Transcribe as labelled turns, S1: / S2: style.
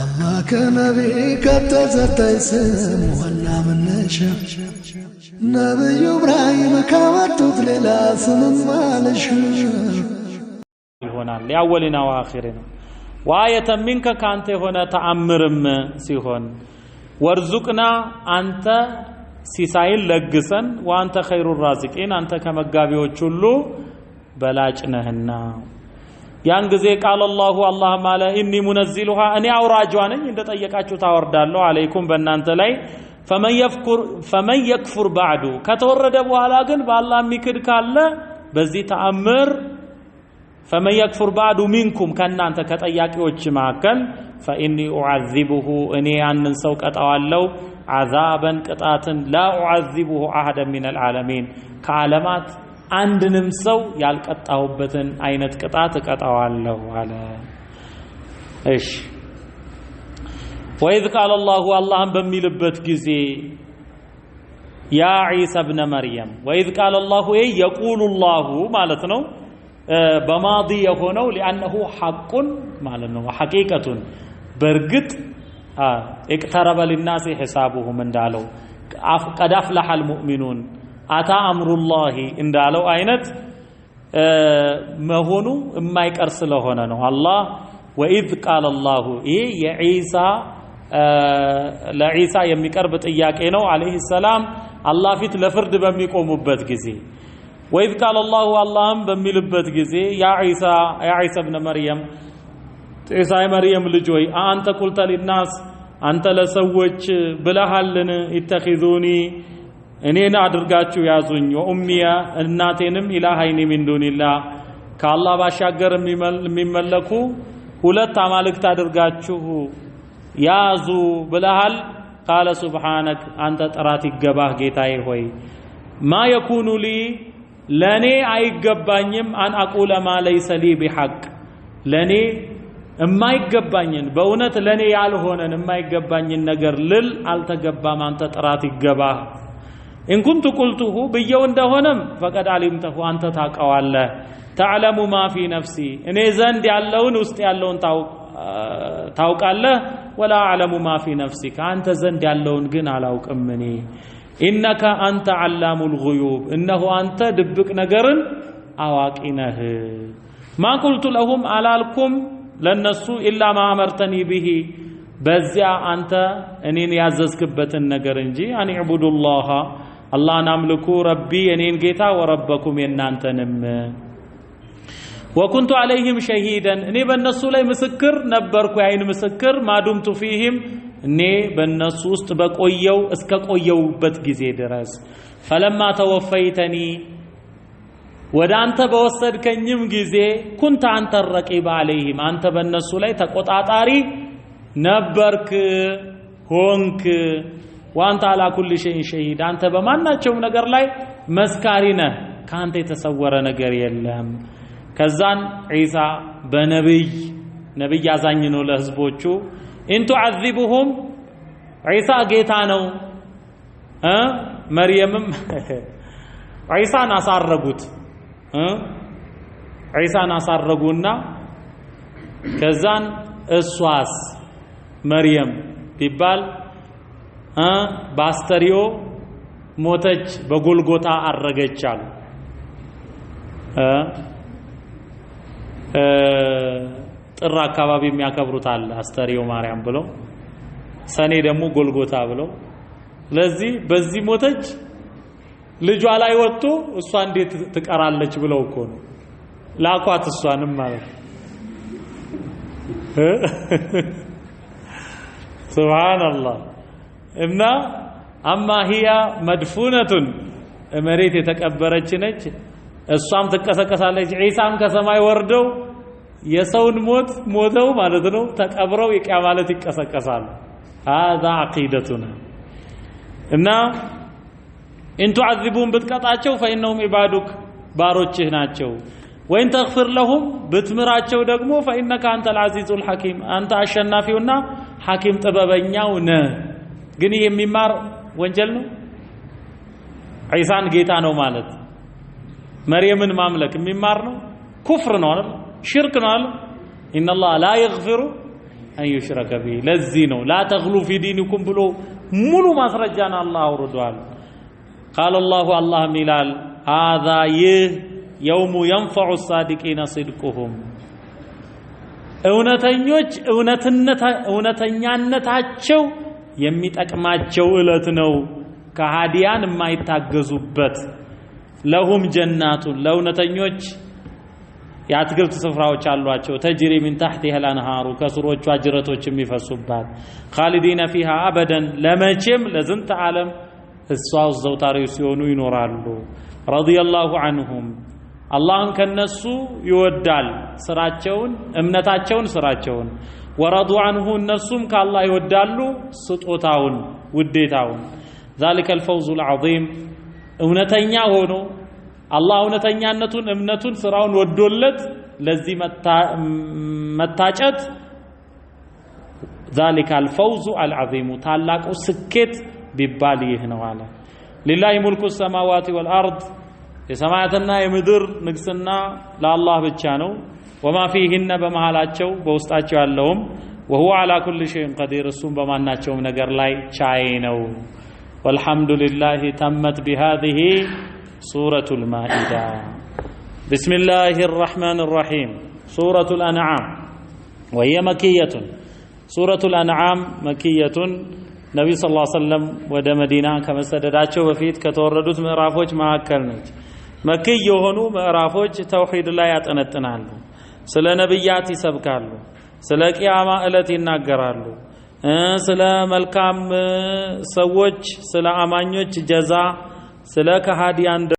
S1: አላህ ከነቢ ከተዘጠኝ ስም ዋና መነሻ ነብዩ እብራሂም ካመጡት ሌላ ስምም አልሽ
S2: ይሆናል ሊአወሊና ወአኺሪና ወአየተ ሚንከ ከአንተ የሆነ ተአምርም ሲሆን ወርዙቅና አንተ ሲሳይን ለግሰን ወአንተ ኸይሩ ራዚቂን አንተ ከመጋቢዎች ሁሉ በላጭ ነህና ያን ጊዜ ቃል አላሁ አላህም አለ ኢኒ ሙነዚሉሃ እኔ አውራጇ ነኝ እንደጠየቃችሁ ታወርዳለሁ አለይኩም በእናንተ ላይ ፈመን የክፉር ባዕዱ ከተወረደ በኋላ ግን በአላህ የሚክድ ካለ በዚህ ተአምር ፈመን የክፉር ባዕዱ ሚንኩም ከእናንተ ከጠያቂዎች መካከል ፈኢኒ ኡዓዚቡሁ እኔ ያንን ሰው ቀጣዋለው አዛበን ቅጣትን ላ ኡዓዚቡሁ አህደ ሚነል ዓለሚን ከዓለማት አንድንም ሰው ያልቀጣሁበትን አይነት ቅጣት እቀጣዋለሁ አለ። እሺ ወይዝ ቃለ አላሁ አላህን በሚልበት ጊዜ ያ ዒሳ ብነ መርየም ወይዝ ቃለ አላሁ የቁሉ ላሁ ማለት ነው። በማዲ የሆነው ሊአነሁ ሐቁን ማለት ነው ሐቂቀቱን በእርግጥ እቅተረበ ሊናሲ ሒሳቡሁም እንዳለው ቀድ አፍለሐል ሙእሚኑን አታ አምሩላሂ እንዳለው አይነት መሆኑ የማይቀር ስለሆነ ነው። አላህ ወኢዝ ቃለ ላሁ ይህ የዒሳ ለዒሳ የሚቀርብ ጥያቄ ነው አለይሂ ሰላም አላህ ፊት ለፍርድ በሚቆሙበት ጊዜ ወኢዝ ቃለ ላሁ አላህም በሚልበት ጊዜ ያ ዒሳ ያ ዒሳ ብነ መርየም ዒሳ የመርየም ልጅ ሆይ አንተ ቁልተ ሊናስ አንተ ለሰዎች ብለሃልን ኢተኺዙኒ እኔን አድርጋችሁ ያዙኝ ወኡሚያ እናቴንም ኢላሃይኒ ሚን ዱኒላህ ከአላህ ባሻገር የሚመለኩ ሁለት አማልክት አድርጋችሁ ያዙ ብለሃል። ቃለ ሱብሓነክ አንተ ጥራት ይገባህ ጌታዬ ሆይ ማ የኩኑ ሊ ለእኔ አይገባኝም አን አቁለ ማ ለይሰ ሊ ቢሐቅ ለእኔ እማይገባኝን በእውነት ለእኔ ያልሆነን የማይገባኝን ነገር ልል አልተገባም። አንተ ጥራት ይገባህ ኢንኩንቱ ቁልቱሁ ብየው እንደሆነም ፈቀድ አሊምተሁ አንተ ታውቀዋለህ። ተዕለሙ ማ ፊ ነፍሲ እኔ ዘንድ ያለውን ውስጥ ያለውን ታውቃለህ። ወላ አዕለሙ ማ ፊ ነፍሲ ከአንተ ዘንድ ያለውን ግን አላውቅም እኔ። ኢነከ አንተ ዓላሙ ልጉዩብ እነሆ አንተ ድብቅ ነገርን አዋቂ ነህ። ማ ቁልቱ ለሁም አላልኩም ለነሱ ኢላ ማ አመርተኒ ብሂ በዚያ አንተ እኔን ያዘዝክበትን ነገር እንጂ አን ዕቡዱላሃ አላህን አምልኩ ረቢ የኔን ጌታ ወረበኩም የናንተንም ወኩንቱ አለይህም ሸሂደን እኔ በእነሱ ላይ ምስክር ነበርኩ የአይን ምስክር ማዱምቱ ፊህም እኔ በእነሱ ውስጥ በቆየው እስከ ቆየውበት ጊዜ ድረስ ፈለማ ተወፈይተኒ ወደ አንተ በወሰድከኝም ጊዜ ኩንተ አንተ ረቂብ አለይህም አንተ በእነሱ ላይ ተቆጣጣሪ ነበርክ ሆንክ ወአንተ አላ ኩል ሸይን ሸሂድ፣ አንተ በማናቸውም ነገር ላይ መስካሪ ነህ፣ ከአንተ የተሰወረ ነገር የለም። ከዛን ዒሳ በነብይ ነብይ አዛኝ ነው ለህዝቦቹ። ኢን ቱዓዚቡሁም ዒሳ ጌታ ነው። መርየምም ዒሳን አሳረጉት ዒሳን አሳረጉና ከዛን እሷስ መርየም ቢባል በአስተሪዮ ሞተች፣ በጎልጎታ አረገች አሉ። ጥር አካባቢ የሚያከብሩት አለ አስተሪዮ ማርያም ብለው፣ ሰኔ ደግሞ ጎልጎታ ብለው። ስለዚህ በዚህ ሞተች ልጇ ላይ ወጥቶ እሷ እንዴት ትቀራለች ብለው እኮ ነው ላኳት። እሷንም ማለት ሱብሃንአላህ። እና አማ ሂያ መድፉነቱን መሬት የተቀበረች ነች። እሷም ትቀሰቀሳለች። ዒሳም ከሰማይ ወርደው የሰውን ሞት ሞተው ማለት ነው ተቀብረው የቂያ ማለት ይቀሰቀሳሉ። ሃዛ ዓቂደቱና እና ኢንቱዓዚቡም ብትቀጣቸው ፈኢነሁም ኢባዱክ ባሮችህ ናቸው። ወይን ተግፊር ለሁም ብትምራቸው ደግሞ ፈኢነከ አንተል ዓዚዙል ሐኪም አንተ አሸናፊውና ሐኪም ጥበበኛው ነህ። ግን ይህ የሚማር ወንጀል ነው። ዒሳን ጌታ ነው ማለት መርየምን ማምለክ የሚማር ነው። ኩፍር ነው አይደል? ሽርክ ነው አይደል? ኢነላህ ላ የግፊሩ አን ቢሂ። ለዚህ ነው ላ ተግሉ ፊ ዲኒኩም ብሎ ሙሉ ማስረጃን አላህ አውርዷል። ቃለ ላሁ አላህም ይላል ሃዛ ይህ የውሙ የንፈዑ ሳዲቂነ ስድቁሁም እውነተኞች እውነተኛነታቸው የሚጠቅማቸው እለት ነው። ከሃዲያን የማይታገዙበት ለሁም ጀናቱን ለእውነተኞች የአትክልት ስፍራዎች አሏቸው። ተጅሪ ሚን ታሕቲሃ አልአንሃሩ ከስሮቿ ጅረቶች የሚፈሱባት ኻሊዲነ ፊሃ አበደን ለመቼም ለዝንተ ዓለም እሷ ውስጥ ዘውታሪው ሲሆኑ ይኖራሉ። ረዲየላሁ አንሁም አላህን ከነሱ ይወዳል። ስራቸውን እምነታቸውን ስራቸውን ወረዱ አንሁ እነሱም ከአላህ ይወዳሉ ስጦታውን ውዴታውን ዛሊከ አልፈውዙ ልዓዚም እውነተኛ ሆኖ አላህ እውነተኛነቱን እምነቱን ስራውን ወዶለት ለዚህ መታጨት ዛሊከ አልፈውዙ አልዓዚሙ ታላቁ ስኬት ቢባል ይህ ነው አለ ሊላሂ ሙልኩ ሰማዋት ወልአርድ የሰማያትና የምድር ንግስና ለአላህ ብቻ ነው وما فيهن بمالاتشو بوستاتشو اللهم وهو على كل شيء قدير الصوم بما نجر من لاي تشاينو والحمد لله تمت بهذه سورة المائدة بسم الله الرحمن الرحيم سورة الأنعام وهي مكية سورة الأنعام مكية نبي صلى الله عليه وسلم ودى مدينة كما سددتشو وفيت كتوردوت من رافوج مع كرنج مكي يهنو من رافوج توحيد الله يتنتنعنو ስለ ነብያት ይሰብካሉ፣ ስለ ቂያማ ዕለት ይናገራሉ፣ ስለ መልካም ሰዎች፣ ስለ አማኞች ጀዛ፣ ስለ ከሃዲያን